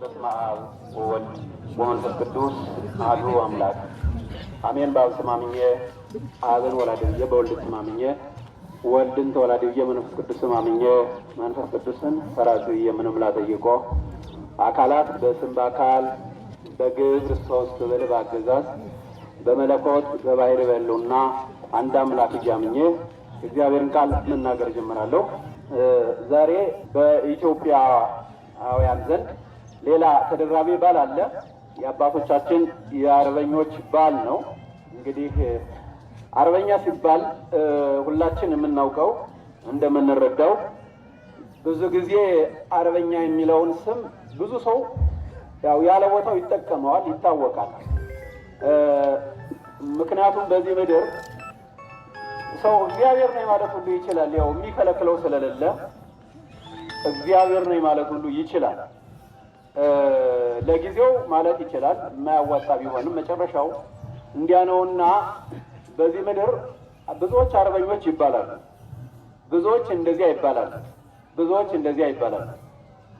በስመ አብ ወወልድ ወመንፈስ ቅዱስ አሐዱ አምላክ አሜን። በአብ ስም አምኜ አብን ወላድ ብዬ በወልድ ስም አምኜ ወልድን ተወላድ ብዬ መንፈስ ቅዱስም አምኜ መንፈስ ቅዱስን ሰራዊት ብዬ ምንም ላጠይቆ አካላት በስም በአካል በግብር ሶስት ብል በአገዛዝ በመለኮት በባህሪ በሕልውና አንድ አምላክ እያምኜ እግዚአብሔርን ቃል መናገር ጀምራለሁ። ዛሬ በኢትዮጵያውያን ዘንድ ሌላ ተደራቢ ባል አለ። የአባቶቻችን የአርበኞች ባል ነው። እንግዲህ አርበኛ ሲባል ሁላችን የምናውቀው እንደምንረዳው ብዙ ጊዜ አርበኛ የሚለውን ስም ብዙ ሰው ያው ያለ ቦታው ይጠቀመዋል፣ ይታወቃል። ምክንያቱም በዚህ ምድር ሰው እግዚአብሔር ነኝ ማለት ሁሉ ይችላል። ያው የሚከለክለው ስለሌለ እግዚአብሔር ነኝ ማለት ሁሉ ይችላል። ለጊዜው ማለት ይችላል የማያዋጣ ቢሆንም መጨረሻው እንዲያ ነውና በዚህ ምድር ብዙዎች አርበኞች ይባላሉ፣ ብዙዎች እንደዚያ ይባላሉ፣ ብዙዎች እንደዚያ ይባላሉ፣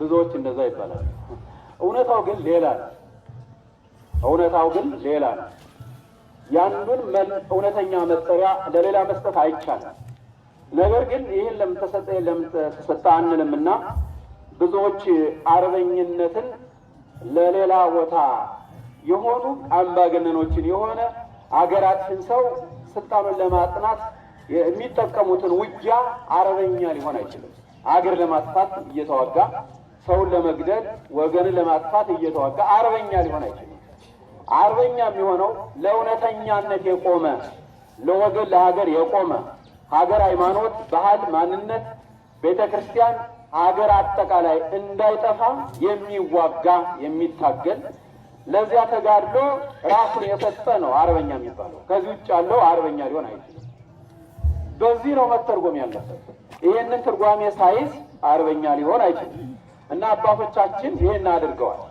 ብዙዎች እንደዛ ይባላሉ። እውነታው ግን ሌላ ነው። እውነታው ግን ሌላ ነው። የአንዱን እውነተኛ መጠሪያ ለሌላ መስጠት አይቻልም። ነገር ግን ይህን ለምን ተሰጠ ለምን ተሰጠ አንልምና ብዙዎች አርበኝነትን ለሌላ ቦታ የሆኑ አምባገነኖችን የሆነ አገራችን ሰው ስልጣኑን ለማጥናት የሚጠቀሙትን ውጊያ አረበኛ ሊሆን አይችልም። አገር ለማጥፋት እየተዋጋ ሰውን ለመግደል ወገንን ለማጥፋት እየተዋጋ አርበኛ ሊሆን አይችልም። አርበኛ የሚሆነው ለእውነተኛነት የቆመ ለወገን ለሀገር የቆመ ሀገር፣ ሃይማኖት፣ ባህል፣ ማንነት፣ ቤተ ክርስቲያን አገር አጠቃላይ እንዳይጠፋ የሚዋጋ የሚታገል ለዚያ ተጋድሎ ራሱን የሰጠ ነው አርበኛ የሚባለው። ከዚህ ውጭ ያለው አርበኛ ሊሆን አይችልም። በዚህ ነው መተርጎም ያለበት። ይህንን ትርጓሜ ሳይዝ አርበኛ ሊሆን አይችልም እና አባቶቻችን ይህን አድርገዋል።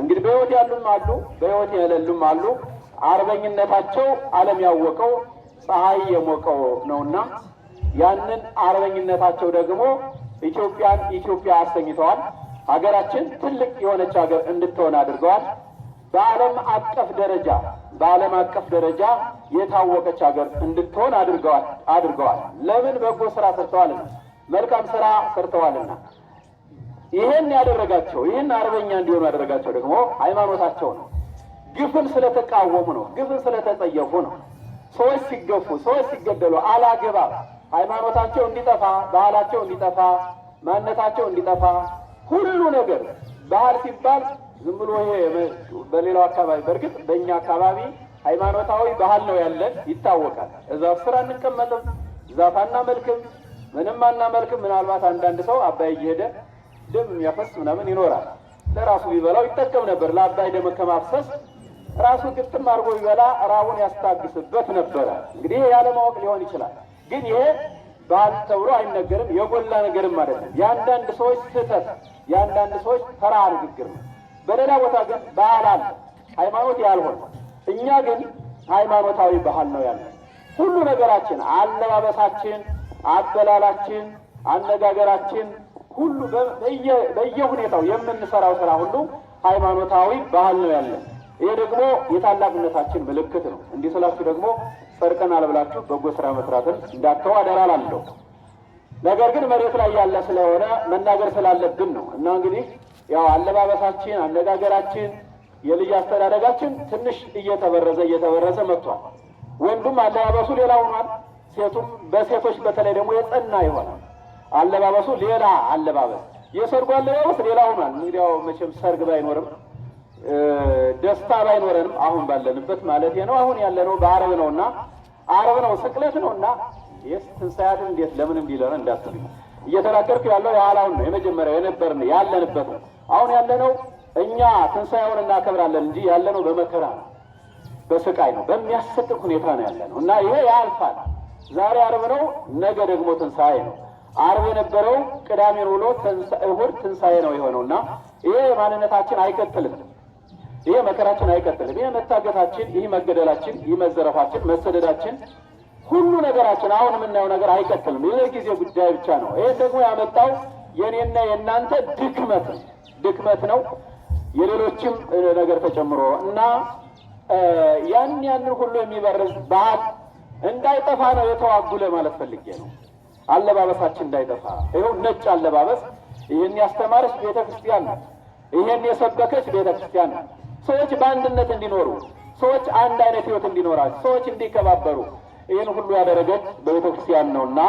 እንግዲህ በህይወት ያሉም አሉ፣ በህይወት የሌሉም አሉ። አርበኝነታቸው ዓለም ያወቀው ፀሐይ የሞቀው ነውና ያንን አርበኝነታቸው ደግሞ ኢትዮጵያን ኢትዮጵያ አሰኝተዋል። ሀገራችን ትልቅ የሆነች ሀገር እንድትሆን አድርገዋል። በዓለም አቀፍ ደረጃ በዓለም አቀፍ ደረጃ የታወቀች ሀገር እንድትሆን አድርገዋል አድርገዋል። ለምን በጎ ስራ ሰርተዋልና፣ መልካም ስራ ሰርተዋልና። ይህን ያደረጋቸው ይህን አርበኛ እንዲሆኑ ያደረጋቸው ደግሞ ሃይማኖታቸው ነው። ግፍን ስለተቃወሙ ነው። ግፍን ስለተጸየፉ ነው። ሰዎች ሲገፉ፣ ሰዎች ሲገደሉ አላግባብ ሃይማኖታቸው እንዲጠፋ፣ ባህላቸው እንዲጠፋ፣ ማንነታቸው እንዲጠፋ ሁሉ ነገር ባህል ሲባል ዝም ብሎ ይሄ በሌላው አካባቢ በእርግጥ በእኛ አካባቢ ሃይማኖታዊ ባህል ነው ያለን ይታወቃል። እዛፍ ስራ አንቀመጥም፣ ዛፍ አናመልክም፣ ምንም አናመልክም። ምናልባት አንዳንድ ሰው አባይ እየሄደ ደም የሚያፈስ ምናምን ይኖራል። ለራሱ ቢበላው ይጠቀም ነበር። ለአባይ ደም ከማፍሰስ ራሱ ግጥም አድርጎ ቢበላ ራቡን ያስታግስበት ነበረ። እንግዲህ ያለማወቅ ሊሆን ይችላል። ግን ይሄ ባህል ተብሎ አይነገርም፣ የጎላ ነገርም ማለት ነው። የአንዳንድ ሰዎች ስህተት፣ የአንዳንድ ሰዎች ተራ ንግግር ነው። በሌላ ቦታ ግን ባህል አለ፣ ሃይማኖት ያልሆነ እኛ ግን ሃይማኖታዊ ባህል ነው ያለ ሁሉ ነገራችን፣ አለባበሳችን፣ አበላላችን፣ አነጋገራችን ሁሉ በየሁኔታው የምንሰራው ስራ ሁሉ ሃይማኖታዊ ባህል ነው ያለን። ይሄ ደግሞ የታላቅነታችን ምልክት ነው። እንዲህ ስላችሁ ደግሞ ጸድቀናል ብላችሁ በጎ ስራ መስራትን እንዳተው አደራ እላለሁ። ነገር ግን መሬት ላይ ያለ ስለሆነ መናገር ስላለብን ነው እና እንግዲህ ያው አለባበሳችን፣ አነጋገራችን፣ የልጅ አስተዳደጋችን ትንሽ እየተበረዘ እየተበረዘ መጥቷል። ወንዱም አለባበሱ ሌላ ሆኗል። ሴቱም በሴቶች በተለይ ደግሞ የጸና ይሆናል አለባበሱ ሌላ አለባበስ የሰርጉ አለባበስ ሌላ ሆኗል። እንግዲያው መቼም ሰርግ ባይኖርም ደስታ ባይኖረንም አሁን ባለንበት ማለት ነው። አሁን ያለነው በአረብ ነው እና አረብ ነው ስቅለት ነው እና ስ ትንሳያትን እንዴት ለምን እንዲለን እንዳትሉ እየተናገርኩ ያለው የኋላውን ነው። የመጀመሪያ የነበርን ያለንበት ነው። አሁን ያለነው እኛ ትንሳኤውን እናከብራለን እንጂ ያለነው በመከራ ነው፣ በስቃይ ነው፣ በሚያሰቅቅ ሁኔታ ነው ያለነው እና ይሄ ያልፋል። ዛሬ አርብ ነው፣ ነገ ደግሞ ትንሳኤ ነው። አርብ የነበረው ቅዳሜን ውሎ እሑድ ትንሳኤ ነው የሆነው እና ይሄ ማንነታችን አይቀጥልም። ይህ መከራችን አይቀጥልም። ይሄ መታገታችን፣ ይህ መገደላችን፣ ይህ መዘረፋችን፣ መሰደዳችን፣ ሁሉ ነገራችን አሁን የምናየው ነገር አይቀጥልም። ጊዜ ጉዳይ ብቻ ነው። ይህ ደግሞ ያመጣው የእኔና የእናንተ ድክመት ድክመት ነው። የሌሎችም ነገር ተጨምሮ እና ያን ያንን ሁሉ የሚበርዝ በዓል እንዳይጠፋ ነው የተዋጉለ ማለት ፈልጌ ነው። አለባበሳችን እንዳይጠፋ ይኸው ነጭ አለባበስ። ይህን ያስተማረች ቤተ ክርስቲያን ናት። ይህን የሰበከች ቤተ ክርስቲያን ናት። ሰዎች በአንድነት እንዲኖሩ፣ ሰዎች አንድ አይነት ህይወት እንዲኖራቸው፣ ሰዎች እንዲከባበሩ ይህን ሁሉ ያደረገች በቤተክርስቲያን ነው እና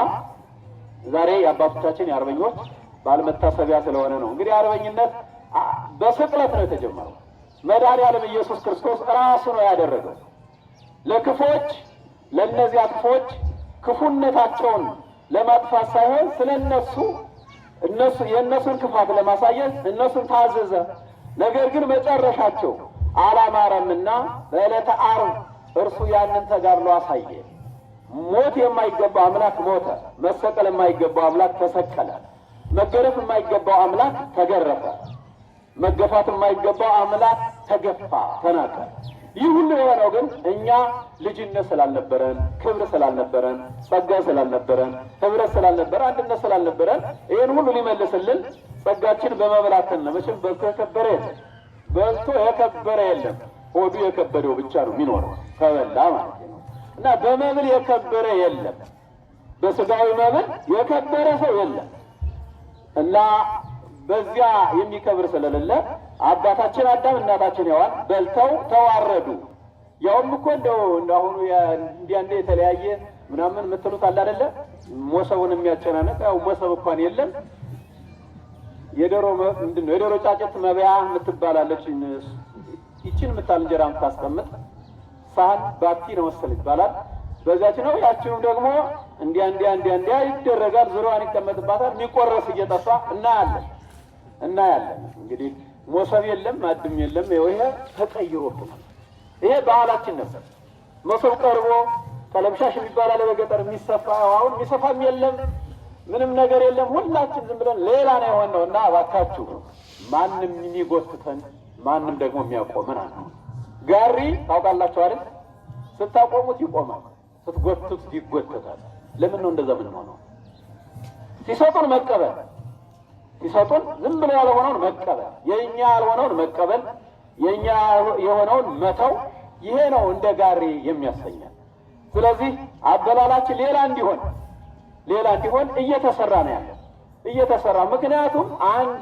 ዛሬ የአባቶቻችን የአርበኞች በዓል መታሰቢያ ስለሆነ ነው። እንግዲህ አርበኝነት በስቅለት ነው የተጀመረው። መድኃኔዓለም ኢየሱስ ክርስቶስ ራሱ ነው ያደረገው። ለክፎች ለእነዚያ ክፎች ክፉነታቸውን ለማጥፋት ሳይሆን ስለ እነሱ እነሱ የእነሱን ክፋት ለማሳየት እነሱን ታዘዘ። ነገር ግን መጨረሻቸው አላማረምና በዕለተ ዓርብ እርሱ ያንን ተጋድሎ አሳየ። ሞት የማይገባው አምላክ ሞተ። መሰቀል የማይገባው አምላክ ተሰቀለ። መገረፍ የማይገባው አምላክ ተገረፈ። መገፋት የማይገባው አምላክ ተገፋ፣ ተናቀ። ይህ ሁሉ የሆነው ግን እኛ ልጅነት ስላልነበረን፣ ክብር ስላልነበረን፣ ጸጋ ስላልነበረን፣ ህብረት ስላልነበረ፣ አንድነት ስላልነበረን ይህን ሁሉ ሊመልስልን ጸጋችን በመብላትን ነው። መቼም በልቶ የለም። በልቶ የከበረ የለም። ሆዱ የከበደው ብቻ ነው የሚኖረው ከበላ ማለት ነው። እና በመብል የከበረ የለም። በስጋዊ መብል የከበረ ሰው የለም። እና በዚያ የሚከብር ስለሌለ አባታችን አዳም እናታችን ሔዋን በልተው ተዋረዱ። ያውም እኮ እንደው አሁኑ እንዲያንደ የተለያየ ምናምን የምትሉት አለ አይደለ? ሞሰቡን የሚያጨናነቅ ያው ሞሰብ እንኳን የለም የዶሮ ምንድነው ነው የዶሮ ጫጭት መብያ የምትባላለች ይችን የምታል እንጀራ የምታስቀምጥ ሳህን ባቲ ነው መሰል ይባላል። በዚያች ነው ያችንም ደግሞ እንዲያ እንዲያ እንዲያ እንዲያ ይደረጋል። ዙሪያዋን ይቀመጥባታል። የሚቆረስ እየጠፋ እናያለን እናያለን። እንግዲህ ሞሰብ የለም አድም የለም። ይሄ ተቀይሮ ይሄ ባህላችን ነበር። መሶብ ቀርቦ ቀለምሻሽ የሚባል በገጠር የሚሰፋ አሁን የሚሰፋም የለም ምንም ነገር የለም። ሁላችን ዝም ብለን ሌላ ነው የሆነው እና እባካችሁ ማንም የሚጎትተን ማንም ደግሞ የሚያቆምን አለ። ጋሪ ታውቃላችሁ አይደል? ስታቆሙት ይቆማል፣ ስትጎትቱት ይጎተታል። ለምን ነው እንደዛ ምን ሆነው? ሲሰጡን መቀበል ሲሰጡን ዝም ብሎ ያልሆነውን መቀበል፣ የእኛ ያልሆነውን መቀበል፣ የእኛ የሆነውን መተው፣ ይሄ ነው እንደ ጋሪ የሚያሰኛል። ስለዚህ አበላላችን ሌላ እንዲሆን ሌላ ሲሆን እየተሰራ ነው ያለው እየተሰራ ምክንያቱም አንድ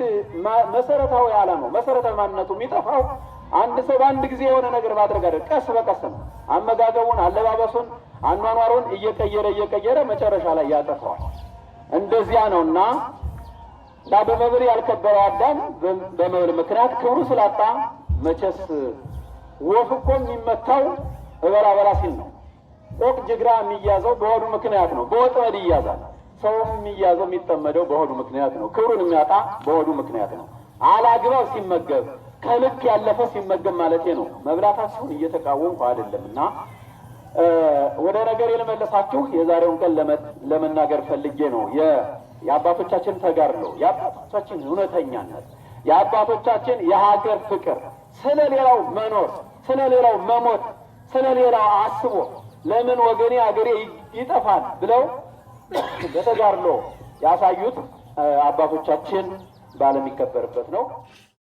መሰረታዊ ዓላማው መሰረታዊ ማንነቱ የሚጠፋው አንድ ሰው በአንድ ጊዜ የሆነ ነገር ማድረግ አይደለም። ቀስ በቀስ ነው። አመጋገቡን፣ አለባበሱን፣ አኗኗሩን እየቀየረ እየቀየረ መጨረሻ ላይ ያጠፋዋል። እንደዚያ ነውና እና በመብል ያልከበረው አዳም በመብል ምክንያት ክብሩ ስላጣ መቼስ ወፍ እኮ የሚመታው እበላ በላ ሲል ነው ጦቅ ጅግራ የሚያዘው በሆዱ ምክንያት ነው። በወጥመድ ይያዛል። ሰውም የሚያዘው የሚጠመደው በሆዱ ምክንያት ነው። ክብሩን የሚያጣ በሆዱ ምክንያት ነው። አላግባብ ሲመገብ ከልክ ያለፈ ሲመገብ ማለት ነው። መብላታችሁን እየተቃወምኩ አይደለም እና ወደ ነገር የለመለሳችሁ የዛሬውን ቀን ለመናገር ፈልጌ ነው። የአባቶቻችን ተጋድሎ፣ የአባቶቻችን እውነተኛነት፣ የአባቶቻችን የሀገር ፍቅር፣ ስለ ሌላው መኖር፣ ስለ ሌላው መሞት፣ ስለ ሌላው አስቦ ለምን ወገኔ አገሬ ይጠፋል ብለው በተጋድሎ ያሳዩት አባቶቻችን ባለሚከበርበት ነው።